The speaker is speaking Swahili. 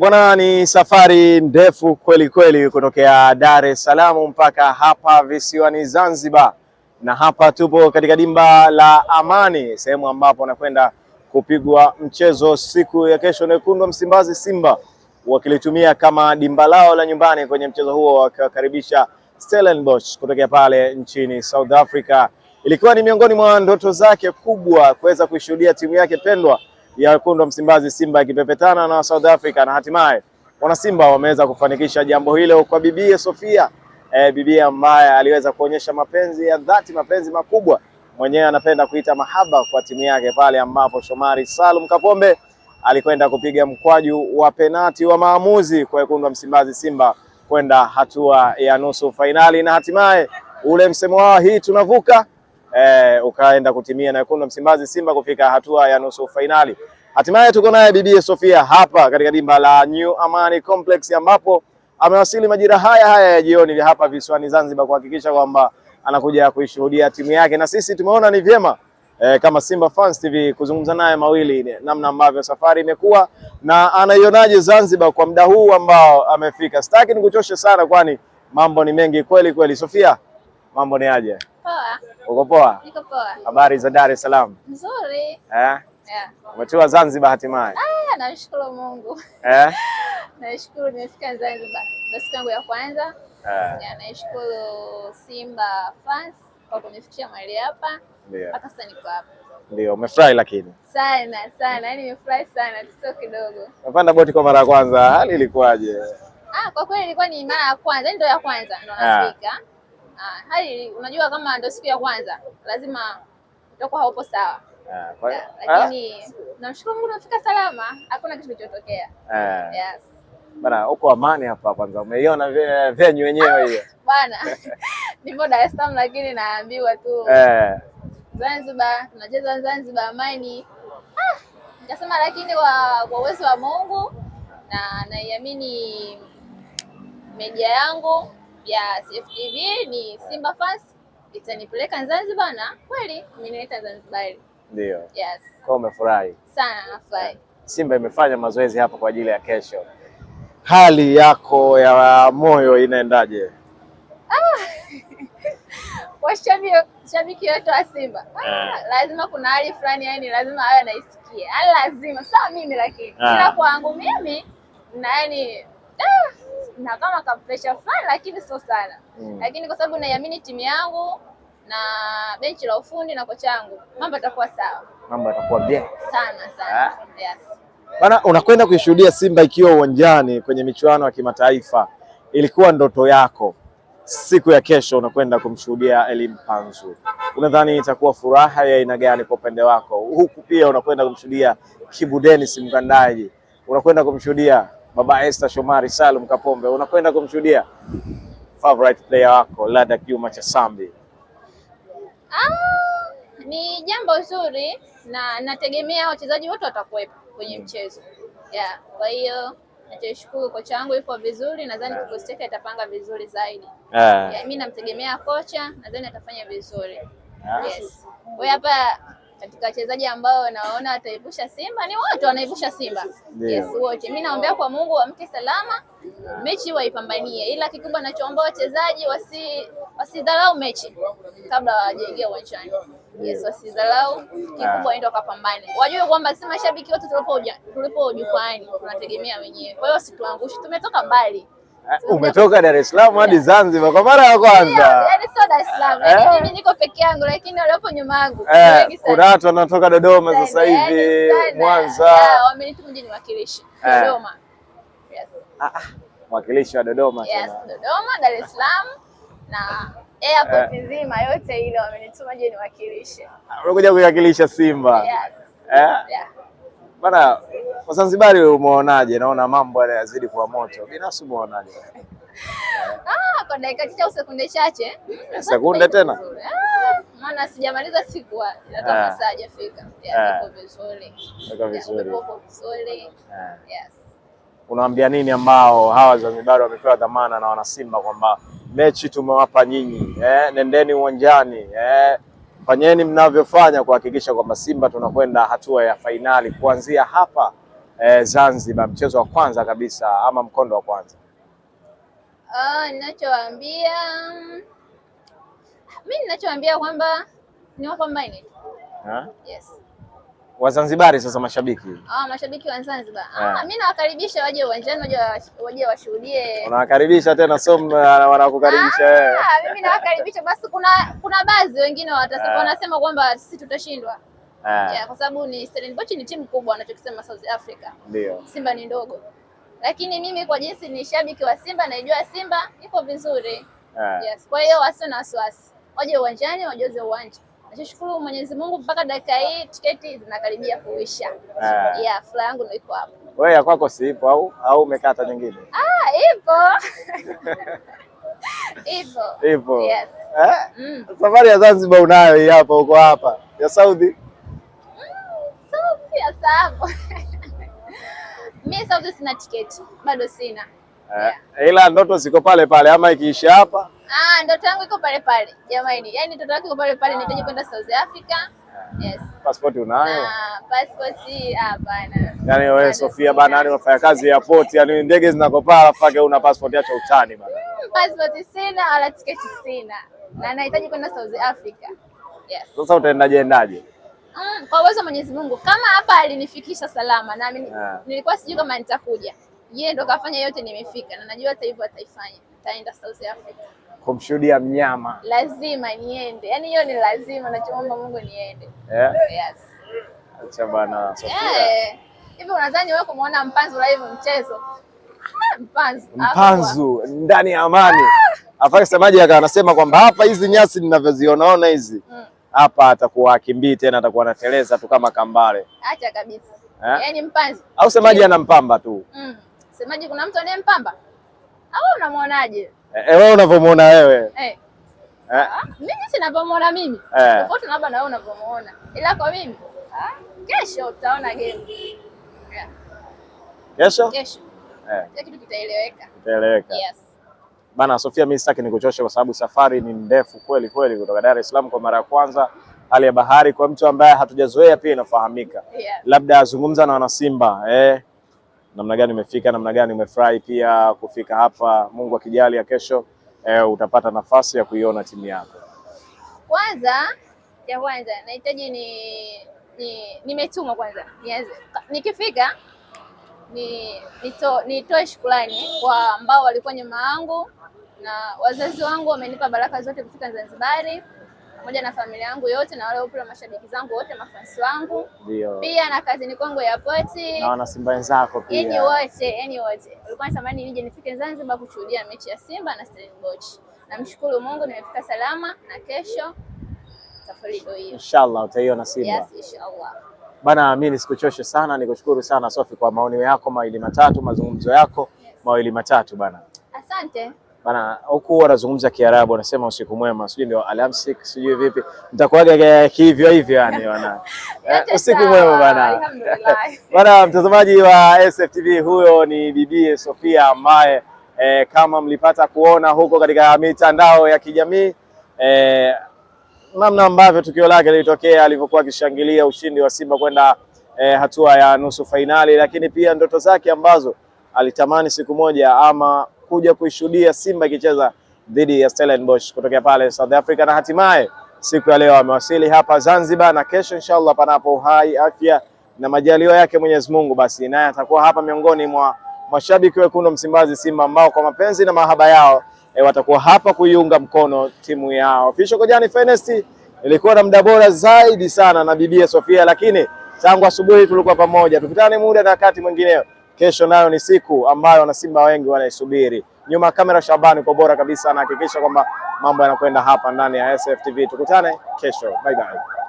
Bwana, ni safari ndefu kweli kweli kutokea Dar es Salaam mpaka hapa visiwani Zanzibar, na hapa tupo katika dimba la Amani, sehemu ambapo wanakwenda kupigwa mchezo siku ya kesho. Wekundu wa Msimbazi Simba wakilitumia kama dimba lao la nyumbani kwenye mchezo huo, wakiwakaribisha Stellenbosch kutokea pale nchini South Africa. Ilikuwa ni miongoni mwa ndoto zake kubwa kuweza kuishuhudia timu yake pendwa ya wekundu wa Msimbazi Simba ikipepetana na South Africa, na hatimaye wanasimba wameweza kufanikisha jambo hilo kwa bibie Sofia e, bibie ambaye aliweza kuonyesha mapenzi ya dhati, mapenzi makubwa, mwenyewe anapenda kuita mahaba kwa timu yake, pale ambapo Shomari Salum Kapombe alikwenda kupiga mkwaju wa penati wa maamuzi kwa wekundu wa Msimbazi Simba kwenda hatua ya nusu fainali, na hatimaye ule msemo wao hii tunavuka eh, ukaenda kutimia na wekundu Msimbazi Simba kufika hatua ya nusu fainali. Hatimaye tuko naye Bibi Sofia hapa katika dimba la New Amani Complex ambapo amewasili majira haya haya ya jioni hapa visiwani Zanzibar kuhakikisha kwamba anakuja kuishuhudia timu yake, na sisi tumeona ni vyema e, kama Simba Fans TV kuzungumza naye mawili, namna ambavyo safari imekuwa na anaionaje Zanzibar kwa muda huu ambao amefika. Sitaki nikuchoshe sana, kwani mambo ni mengi kweli kweli. Sofia, mambo ni aje? Poa. Uko poa? Niko poa. Habari za Dar es Salaam? Nzuri. Eh? Yeah. Umetua Zanzibar hatimaye? Ah, nashukuru Mungu. Eh? Nashukuru nimefika Zanzibar. Basi tangu ya kwanza. Eh. Yeah, Nashukuru Simba fans kwa kunifikia mahali hapa. Ndio. Yeah. Hata sasa niko hapa. Ndio, umefurahi lakini? Sana sana, yaani nimefurahi sana, sio kidogo. Umepanda boti kwa mara ya kwanza, hali ilikuwaje? Ah, kwa kweli ilikuwa ni mara ya kwanza, yaani ndio ya kwanza ndio ah. nafika. Yeah. Ah, hai hali unajua kama ndio siku ya kwanza lazima utakuwa haupo sawa. Uh, lakini namshukuru Mungu nafika salama, hakuna kitu kilichotokea. yes. Bana, uko amani hapa kwanza, umeiona venue wenyewe hiyo. Bana, nipo Dar es Salaam lakini naambiwa tu eh. Zanzibar tunacheza Zanzibar amani. Ah, nikasema lakini kwa uwezo wa Mungu na naiamini media yangu ya CFTV ni Simba Fans itanipeleka Zanzibar na kweli imenileta Zanzibar. Ndio. Yes. Kwa umefurahi sana, nafurahi. Simba imefanya mazoezi hapa kwa ajili ya kesho. Hali yako ya moyo inaendaje? Ah. Washabiki wetu wa Simba ah, eh. lazima kuna hali fulani, yani lazima awe anaisikia, ah, lazima sawa mimi, lakini kila ah. kwangu mimi na yani ah na kama pressure fulani, lakini sio sana mm. Lakini kwa sababu naiamini timu yangu na benchi la ufundi na kocha wangu, mambo yatakuwa sawa, mambo yatakuwa bien sana sana ah. yes. Bana, unakwenda kuishuhudia Simba ikiwa uwanjani kwenye michuano ya kimataifa, ilikuwa ndoto yako. Siku ya kesho unakwenda kumshuhudia Elim Panzu, unadhani itakuwa furaha ya aina gani kwa upande wako? Huku pia unakwenda kumshuhudia Kibu simkandaji Mkandaji, unakwenda kumshuhudia baba Esther Shomari Salum Kapombe, unakwenda kumshuhudia favorite player wako Lada Kiuma cha Sambi. Ah, ni jambo zuri na nategemea wachezaji wote watakuwepo kwenye mm-hmm. mchezo yeah. Kwa hiyo nachoshukuru kocha wangu yuko vizuri, nadhani kikosi chake atapanga vizuri zaidi yeah. Yeah, mimi namtegemea kocha, nadhani atafanya vizuri yes. Wewe hapa katika wachezaji ambao naona wataivusha Simba ni wote wanaivusha Simba. Yes, wote. Mimi naombea kwa Mungu wamke salama, mechi waipambanie, ila kikubwa nachoomba wachezaji wasi wasidharau mechi kabla hawajaingia uwanjani. Yes, wasidharau kikubwa, ah. waende wakapambane, wajue kwamba si mashabiki wote tulipo jukwani tunategemea wenyewe. Kwa hiyo wasituangushe, tumetoka mbali. Ah, umetoka Dar es Salaam hadi Zanzibar kwa mara ya kwanza. Yaani sio Dar es Salaam. Yaani eh? peke yangu, lakini walipo nyuma yangu eh, kuna watu wanatoka Dodoma sasa hivi Mwanza, ah, wameniita mje eh, Dodoma. Yes. Ah, ah. mwakilishi wa Dodoma tena. Yes, Dodoma, Dar es Salaam na airport eh. nzima yote ile wamenituma je niwakilishe. Unakuja kuwakilisha Simba. Yes. Eh? Yeah. Bana, Wazanzibari umeonaje? Naona mambo yanazidi kuwa moto. Binafsi umeonaje? Ah, kwa dakika chache au sekunde chache. Sekunde tena. Ah, maana sijamaliza siku hata ah. masaa hajafika. Niko ah. vizuri. Niko vizuri. Niko vizuri. Yes. Unawaambia nini ambao hawa Zanzibar wamepewa dhamana na wanasimba kwamba mechi tumewapa nyinyi eh, nendeni uwanjani eh, fanyeni mnavyofanya kuhakikisha kwamba Simba tunakwenda hatua ya fainali kuanzia hapa eh, Zanzibar, mchezo wa kwanza kabisa ama mkondo wa kwanza. Uh, ninachowaambia mi ninachowaambia kwamba ni wapambane. Yes. Wazanzibari sasa mashabiki. Ah, mashabiki wa Zanzibar. Ah, mimi nawakaribisha waje uwanjani waje waje washuhudie. Unawakaribisha tena som wanakukaribisha ah, wewe. Ah, mimi nawakaribisha basi kuna kuna baadhi wengine watasema wanasema kwamba sisi tutashindwa. Ah. Yeah, kwa sababu ni Stellenbosch ni timu kubwa anachokisema South Africa. Ndio. Simba ni ndogo lakini mimi kwa jinsi ni shabiki wa Simba, naijua Simba iko vizuri yeah. Yes. Kwa hiyo wasio na wasiwasi, waje uwanjani, wajoze uwanja. Nashukuru Mwenyezi Mungu mpaka dakika hii tiketi zinakaribia kuisha yeah. Yeah, furaha yangu ndio iko hapo. Wewe ya kwako si ipo au au umekata nyingine? Ah, ipo ipo ipo. Yes. Eh? Mm. Safari ya Zanzibar unayo hii hapa, uko hapa ya Saudi mm, Saudi Mimi sasa sina tiketi bado sina eh, yeah. Ila ndoto ziko pale pale ama ikiisha hapa? Ah, ndoto yangu iko pale pale jamani, yaani ndoto yangu iko pale pale, ah. nitaje kwenda South Africa. Eh, yes. Passport unayo? Ah, passport hapana. Ah, yaani wewe Sofia bana, ni unafanya kazi ya airport, yani ndege zinakopaa alafu yake una passport acha utani bana. Mm, passport sina wala tiketi sina. Na nahitaji kwenda South Africa. Yes. Sasa utaendaje endaje? mm, kwa uwezo wa Mwenyezi Mungu, kama hapa alinifikisha salama na mimi yeah. nilikuwa sijui kama nitakuja, yeye ndo kafanya yote, nimefika na najua hata hivyo ataifanya, nitaenda South Africa kumshuhudia mnyama, lazima niende. Yani hiyo ni lazima, nachomwomba Mungu niende. yeah. yes. acha bana Sofia eh. hivi unadhani wewe kumuona mpanzu live mchezo? Mpanzu, mpanzu ndani ya amani ah! semaji samaji anasema kwamba hapa hizi nyasi ninavyoziona ona hizi mm hapa atakuwa akimbii tena, atakuwa anateleza tu kama kambale. Acha kabisa. Eh? Yaani mpanzi. Au semaji anampamba tu. Mm. Semaji kuna mtu anayempamba? Au unamwonaje? Eh, eh wewe unavyomuona wewe. Eh. Eh. Ah, mimi sinavyomuona mimi. Eh. Tofauti na na wewe unavyomuona. Ila kwa mimi, ah, kesho utaona game. Yeah. Kesho? Kesho. Eh. kitu kitaeleweka. Kitaeleweka. Yes. Bana Sofia, mimi sitaki nikuchoshe kwa sababu safari ni ndefu kweli kweli kutoka Dar es Salaam kwa mara ya kwanza. Hali ya bahari kwa mtu ambaye hatujazoea pia inafahamika, yeah. Labda azungumza na wanasimba eh, namna gani umefika, namna gani umefurahi pia kufika hapa. Mungu akijali ya kesho eh, utapata nafasi ya kuiona timu yako. Kwanza ya kwanza nahitaji ni nimetumwa ni kwanza nianze nikifika nitoe ni shukrani kwa ambao walikuwa nyuma yangu na wazazi wangu wamenipa baraka zote kufika Zanzibari pamoja na familia yangu yote na wale upula mashabiki zangu wote mafansi wangu Dio. Pia na kazini kwangu ya poti na wana Simba wenzako pia, yani wote yani wote ulikuwa samani nije nifike Zanzibar kushuhudia mechi ya Simba na Stellenbosch. Namshukuru Mungu nimefika salama na kesho safari hiyo hiyo inshallah utaiona Simba. Yes, inshallah. Bana, mimi nisikuchoshe sana, nikushukuru sana Sophie kwa maoni yako mawili matatu, mazungumzo yako yes, mawili matatu bana, asante. Bana huku wanazungumza Kiarabu, wanasema usiku mwema, sijui ndio alamsik, sijui vipi, mtakuaga hivyo hivyo yani bana eh, usiku mwema bana bana. Mtazamaji wa SFTV, huyo ni bibi Sofia ambaye eh, kama mlipata kuona huko katika mitandao ya kijamii eh, namna ambavyo tukio lake lilitokea, alivyokuwa akishangilia ushindi wa Simba kwenda eh, hatua ya nusu fainali, lakini pia ndoto zake ambazo alitamani siku moja ama kuja kuishuhudia Simba ikicheza dhidi ya Stellenbosch kutokea pale South Africa, na hatimaye siku ya leo amewasili hapa Zanzibar, na kesho inshallah, panapo uhai, afya na majaliwa yake Mwenyezi Mungu, basi naye atakuwa hapa miongoni mwa mashabiki wekundu Msimbazi Simba ambao kwa mapenzi na mahaba yao e, watakuwa hapa kuiunga mkono timu yao. Fisho Kojani Finest ilikuwa na muda bora zaidi sana na Bibia Sofia, lakini tangu asubuhi tulikuwa pamoja. Tukutane muda na wakati mwingineo. Kesho nayo ni siku ambayo wanasimba wengi wanaisubiri. Nyuma ya kamera, Shabani kwa bora kabisa anahakikisha kwamba mambo yanakwenda hapa ndani ya SFTV. Tukutane kesho, bye bye.